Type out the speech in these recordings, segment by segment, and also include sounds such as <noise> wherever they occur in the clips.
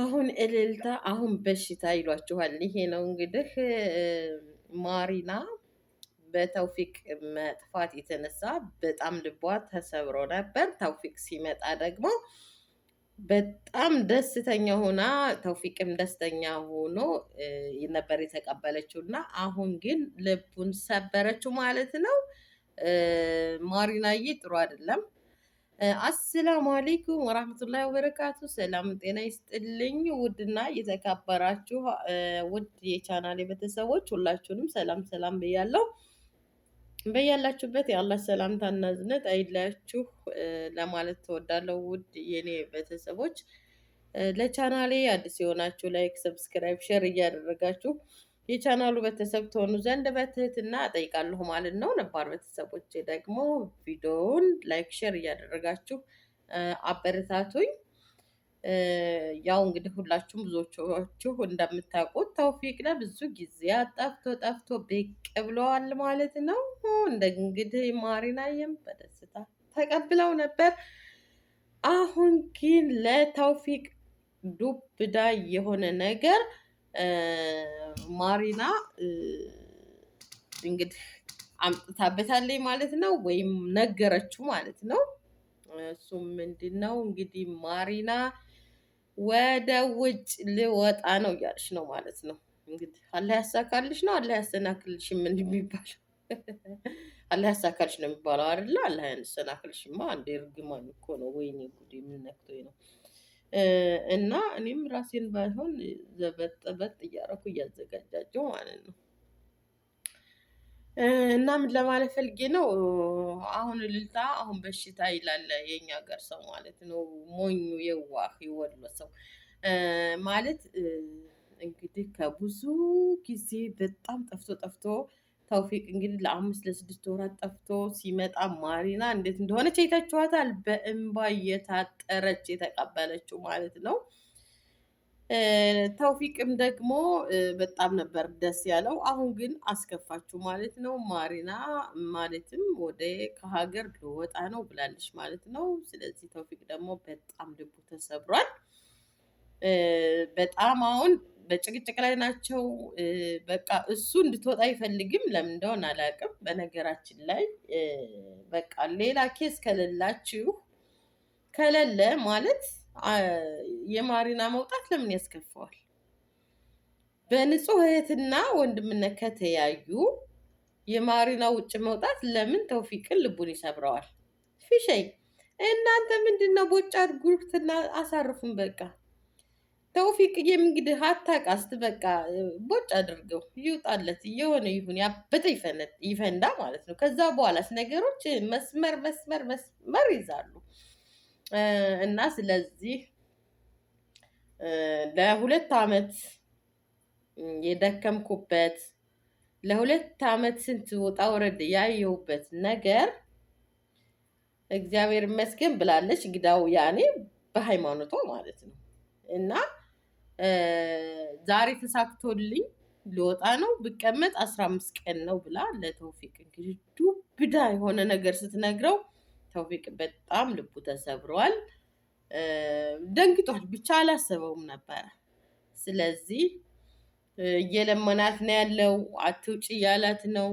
አሁን እልልታ፣ አሁን በሽታ ይሏችኋል። ይሄ ነው እንግዲህ ማሪና በተውፊቅ መጥፋት የተነሳ በጣም ልቧ ተሰብሮ ነበር። ተውፊቅ ሲመጣ ደግሞ በጣም ደስተኛ ሆና ተውፊቅም ደስተኛ ሆኖ ነበር የተቀበለችው እና አሁን ግን ልቡን ሰበረችው ማለት ነው። ማሪናዬ ጥሩ አይደለም። አሰላሙ አሌይኩም ወራህመቱላሂ ወበረካቱ። ሰላም ጤና ይስጥልኝ። ውድና የተከበራችሁ ውድ የቻናል ቤተሰቦች ሁላችሁንም ሰላም ሰላም ብያለሁ። በያላችሁበት የአላህ ሰላምታና እዝነት አይለያችሁ ለማለት ትወዳለሁ። ውድ የኔ ቤተሰቦች ለቻናሌ አዲስ የሆናችሁ ላይክ፣ ሰብስክራይብ፣ ሼር እያደረጋችሁ የቻናሉ ቤተሰብ ትሆኑ ዘንድ በትህትና እጠይቃለሁ ማለት ነው። ነባር ቤተሰቦቼ ደግሞ ቪዲዮውን ላይክ፣ ሼር እያደረጋችሁ አበረታቱኝ። ያው እንግዲህ ሁላችሁም ብዙዎቻችሁ እንደምታውቁት ተውፊቅ ለብዙ ጊዜያት ጠፍቶ ጠፍቶ ብቅ ብለዋል ማለት ነው። እንደ እንግዲህ ማሪናየም በደስታ ተቀብለው ነበር። አሁን ግን ለተውፊቅ ዱብዳ የሆነ ነገር ማሪና እንግዲህ አምጥታበታለች ማለት ነው፣ ወይም ነገረችው ማለት ነው። እሱም ምንድን ነው እንግዲህ ማሪና ወደ ውጭ ልወጣ ነው እያለች ነው ማለት ነው። እንግዲህ አላህ ያሳካልሽ ነው አላህ ያሰናክልሽ ምን የሚባለው? <laughs> አላህ ያሳካልሽ ነው የሚባለው አይደለ? አላህ ያሰናክልሽማ እንደ እርግማን እኮ ነው። ወይኔ ጉዴ! ምን ነው እና እኔም ራሴን ባይሆን ዘበጥበጥ እያረኩ እያዘጋጃቸው ማለት ነው። እና ምን ለማለት ፈልጌ ነው? አሁን እልልታ አሁን በሽታ ይላል የኛ ሀገር ሰው ማለት ነው። ሞኙ የዋህ የወሎ ሰው ማለት እንግዲህ ከብዙ ጊዜ በጣም ጠፍቶ ጠፍቶ ተውፊቅ እንግዲህ ለአምስት ለስድስት ወራት ጠፍቶ ሲመጣ ማሪና እንዴት እንደሆነች አይታችኋታል። በእንባ እየታጠረች የተቀበለችው ማለት ነው። ተውፊቅም ደግሞ በጣም ነበር ደስ ያለው። አሁን ግን አስከፋችሁ ማለት ነው። ማሪና ማለትም ወደ ከሀገር ልወጣ ነው ብላለች ማለት ነው። ስለዚህ ተውፊቅ ደግሞ በጣም ልቡ ተሰብሯል። በጣም አሁን በጭቅጭቅ ላይ ናቸው። በቃ እሱ እንድትወጣ አይፈልግም። ለምን እንደሆን አላውቅም። በነገራችን ላይ በቃ ሌላ ኬስ ከሌላችሁ ከሌለ ማለት የማሪና መውጣት ለምን ያስከፋዋል? በንጹህ እህትና ወንድምነት ከተያዩ የማሪና ውጭ መውጣት ለምን ተውፊቅን ልቡን ይሰብረዋል? ፊሸይ እናንተ ምንድን ነው? ቦጫ ጉርክትና አሳርፉን በቃ ተውፊቅዬም እንግዲህ አስት በቃ ቦጭ አድርገው ይውጣለት፣ የሆነ ይሁን ያበጠ ይፈንዳ ማለት ነው። ከዛ በኋላስ ነገሮች መስመር መስመር መስመር ይዛሉ እና ስለዚህ ለሁለት ዓመት የደከምኩበት ለሁለት ዓመት ስንት ወጣ ወረድ ያየሁበት ነገር እግዚአብሔር ይመስገን ብላለች። እንግዳው ያኔ በሃይማኖቷ ማለት ነው እና ዛሬ ተሳክቶልኝ ልወጣ ነው ብቀመጥ አስራ አምስት ቀን ነው ብላ ለተውፊቅ እንግዲህ ዱብዳ የሆነ ነገር ስትነግረው ተውፊቅ በጣም ልቡ ተሰብሯል። ደንግጧል። ብቻ አላሰበውም ነበረ። ስለዚህ እየለመናት ነው ያለው፣ አትውጭ እያላት ነው።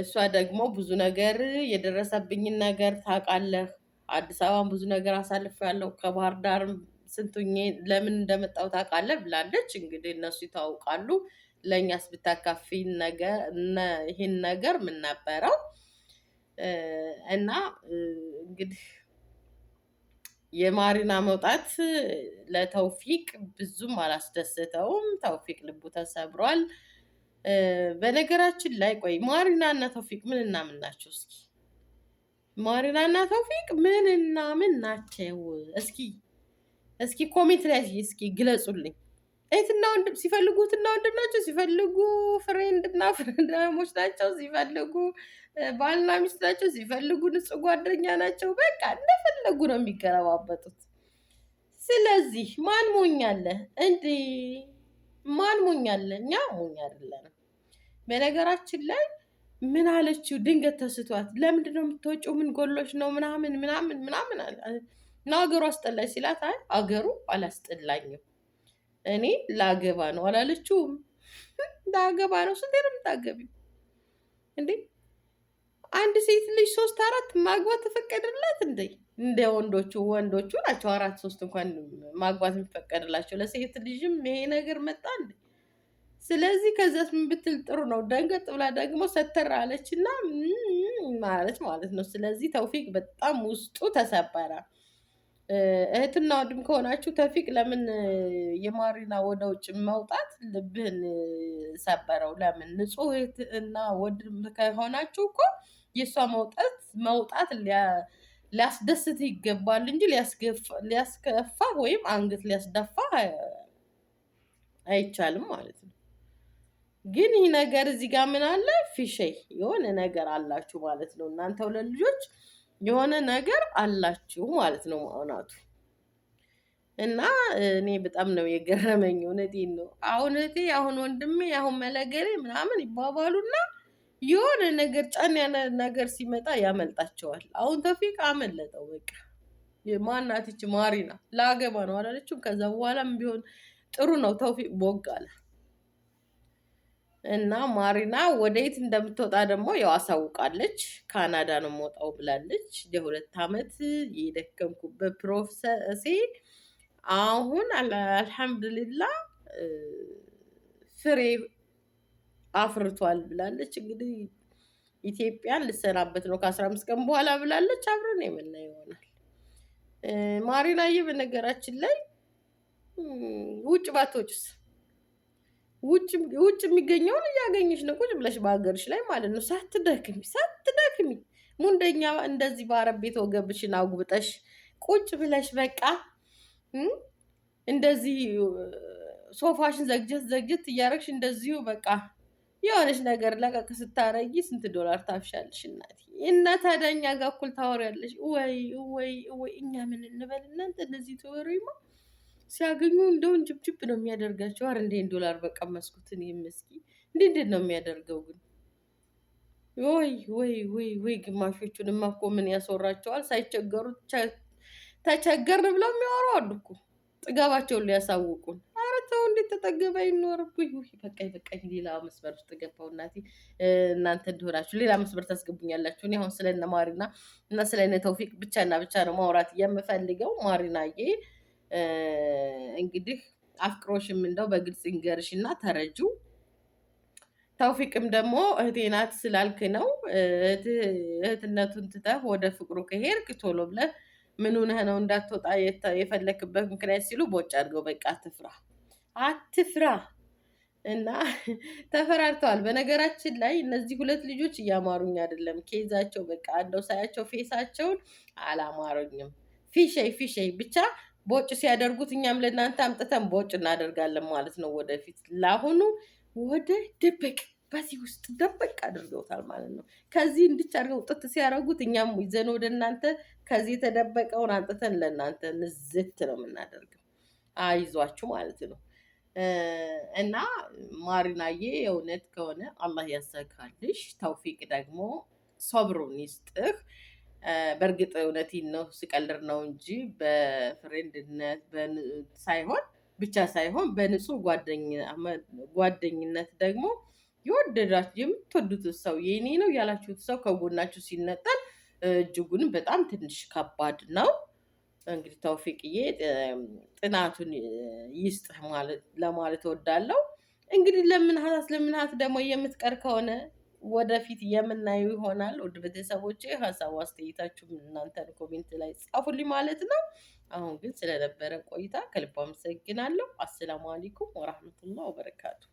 እሷ ደግሞ ብዙ ነገር የደረሰብኝን ነገር ታውቃለህ፣ አዲስ አበባን ብዙ ነገር አሳልፌያለሁ ከባህር ዳርም ስንቱኜ ለምን እንደመጣው ታውቃለህ ብላለች። እንግዲህ እነሱ ይታወቃሉ። ለእኛስ ብታካፊ ነገር ይህን ነገር ምን ነበረው እና እንግዲህ የማሪና መውጣት ለተውፊቅ ብዙም አላስደስተውም። ተውፊቅ ልቡ ተሰብሯል። በነገራችን ላይ ቆይ ማሪና እና ተውፊቅ ምን እና ምን ናቸው? እስኪ ማሪና እና ተውፊቅ ምን እና ምን ናቸው? እስኪ እስኪ ኮሜንት ላይ እስኪ ግለጹልኝ። እህትና ወንድም ሲፈልጉ እህትና ወንድም ናቸው፣ ሲፈልጉ ፍሬንድና ፍሬንዳሞች ናቸው፣ ሲፈልጉ ባልና ሚስት ናቸው፣ ሲፈልጉ ንጹህ ጓደኛ ናቸው። በቃ እንደፈለጉ ነው የሚገለባበጡት። ስለዚህ ማን ሞኛለ እንዴ? ማን ሞኛለ? እኛ ሞኛ አይደለንም። በነገራችን ላይ ምን አለችው? ድንገት ተስቷት ለምንድነው ነው የምትወጪው? ምን ጎሎች ነው ምናምን ምናምን ምናምን እና አገሩ አስጠላኝ ሲላት፣ አይ አገሩ አላስጠላኝም እኔ ላገባ ነው አላለችውም። <laughs> ላገባ ነው ስንቴ ነው የምታገቢው እንዴ? አንድ ሴት ልጅ ሶስት አራት ማግባት ተፈቀደላት እንዴ? እንደ ወንዶቹ ወንዶቹ ናቸው አራት ሶስት እንኳን ማግባት የሚፈቀድላቸው ለሴት ልጅም ይሄ ነገር መጣ እንዴ? ስለዚህ ከዚያስ ምን ብትል ጥሩ ነው። ደንገጥ ብላ ደግሞ ሰተር አለች እና ማለት ማለት ነው። ስለዚህ ተውፊቅ በጣም ውስጡ ተሰበረ። እህትና ወንድም ከሆናችሁ ተፊቅ ለምን የማሪና ወደ ውጭ መውጣት ልብህን ሰበረው? ለምን ንጹህ እህትና ወንድም ከሆናችሁ እኮ የእሷ መውጣት መውጣት ሊያስደስት ይገባል እንጂ ሊያስከፋ ወይም አንገት ሊያስደፋ አይቻልም ማለት ነው። ግን ይህ ነገር እዚህ ጋር ምን አለ ፊሼ የሆነ ነገር አላችሁ ማለት ነው እናንተ ሁለት ልጆች የሆነ ነገር አላችሁ ማለት ነው ማውናቱ እና እኔ በጣም ነው የገረመኝ። እውነቴን ነው። አሁን እህቴ፣ አሁን ወንድሜ፣ አሁን መለገሬ ምናምን ይባባሉና የሆነ ነገር ጫን ያለ ነገር ሲመጣ ያመልጣቸዋል። አሁን ተፊቅ አመለጠው። በቃ ማናትች ማሪና ላገባ ነው አላለችም። ከዛ በኋላም ቢሆን ጥሩ ነው። ተውፊቅ ቦግ አለ። እና ማሪና ወደየት እንደምትወጣ ደግሞ ያው አሳውቃለች። ካናዳ ነው የምወጣው ብላለች። የሁለት ዓመት የደከምኩበት ፕሮሰሴ አሁን አልሐምዱሊላ ፍሬ አፍርቷል ብላለች። እንግዲህ ኢትዮጵያን ልሰናበት ነው ከአስራ አምስት ቀን በኋላ ብላለች። አብረን የምናየው ይሆናል። ማሪናዬ፣ በነገራችን ላይ ውጭ ባትወጭስ ውጭ የሚገኘውን እያገኘሽ ነው ቁጭ ብለሽ በሀገርሽ ላይ ማለት ነው። ሳትደክሚ ሳትደክሚ ሙንደኛ እንደዚህ በአረብ ቤት ወገብሽን አጉብጠሽ ቁጭ ብለሽ በቃ እንደዚህ ሶፋሽን ዘግጀት ዘግጀት እያረግሽ እንደዚሁ በቃ የሆነች ነገር ለቀቅ ስታረጊ ስንት ዶላር ታፍሻለሽ እናቴ። እና ታዲያ እኛ ጋር እኩል ታወሪያለሽ ወይ ወይ ወይ? እኛ ምን እንበል እናንተ እንደዚህ ተወሩይማ ሲያገኙ እንደውን ጅብጅብ ነው የሚያደርጋቸው። አር እንዴን ዶላር በቀመስኩትን ይመስኪ እንዴ እንዴት ነው የሚያደርገው ግን ወይ ወይ ወይ ወይ ግማሾቹንማ እኮ ምን ያስወራቸዋል? ሳይቸገሩ ተቸገርን ብለው የሚያወሩ አሉ እኮ ጥጋባቸውን ሊያሳውቁን። ኧረ ተው እንዴት ተጠገበ አይኖርም። በቃ በቃኝ፣ ሌላ መስመር ውስጥ ገባሁ። እናቴ እናንተ እንደሆናችሁ ሌላ መስመር ታስገቡኛላችሁ። እኔ አሁን ስለነ ማሪና እና ስለነ ተውፊቅ ብቻና ብቻ ነው ማውራት የምፈልገው ይሄ እንግዲህ አፍቅሮሽም እንደው በግልጽ ይንገርሽ እና ተረጁ። ተውፊቅም ደግሞ እህቴ ናት ስላልክ ነው እህትነቱን ትተህ ወደ ፍቅሩ ከሄድክ ቶሎ ብለህ ምን ሆነህ ነው እንዳትወጣ የፈለክበት ምክንያት ሲሉ ቦጭ አድርገው በቃ አትፍራ አትፍራ እና ተፈራርተዋል። በነገራችን ላይ እነዚህ ሁለት ልጆች እያማሩኝ አይደለም። ኬዛቸው በቃ እንደው ሳያቸው ፌሳቸውን አላማሩኝም። ፊሸይ ፊሸይ ብቻ በውጭ ሲያደርጉት እኛም ለእናንተ አምጥተን በውጭ እናደርጋለን ማለት ነው። ወደፊት ለአሁኑ ወደ ድብቅ በዚህ ውስጥ ደበቅ አድርገውታል ማለት ነው። ከዚህ እንድቻርገው ጥት ሲያደርጉት እኛም ይዘን ወደ እናንተ ከዚህ የተደበቀውን አምጥተን ለእናንተ ንዝት ነው የምናደርገው። አይዟችሁ ማለት ነው። እና ማሪናዬ የእውነት ከሆነ አላህ ያሳካልሽ፣ ተውፊቅ ደግሞ ሶብሩን ይስጥህ። በእርግጥ እውነቴን ነው ስቀልድ ነው እንጂ በፍሬንድነት ሳይሆን ብቻ ሳይሆን በንጹህ ጓደኝነት ደግሞ የወደዳችሁ የምትወዱት ሰው የኔ ነው ያላችሁት ሰው ከጎናችሁ ሲነጠል እጅጉንም በጣም ትንሽ ከባድ ነው። እንግዲህ ተውፊቅዬ ጥናቱን ይስጥ ለማለት እወዳለሁ። እንግዲህ ለምንሃት ለምንሃት ደግሞ የምትቀር ከሆነ ወደፊት የምናየው ይሆናል። ውድ ቤተሰቦች ሀሳብ አስተያየታችሁ እናንተን ኮሜንት ላይ ጻፉልኝ ማለት ነው። አሁን ግን ስለነበረ ቆይታ ከልብ አመሰግናለሁ። አሰላሙ አለይኩም ወራህመቱላህ ወበረካቱ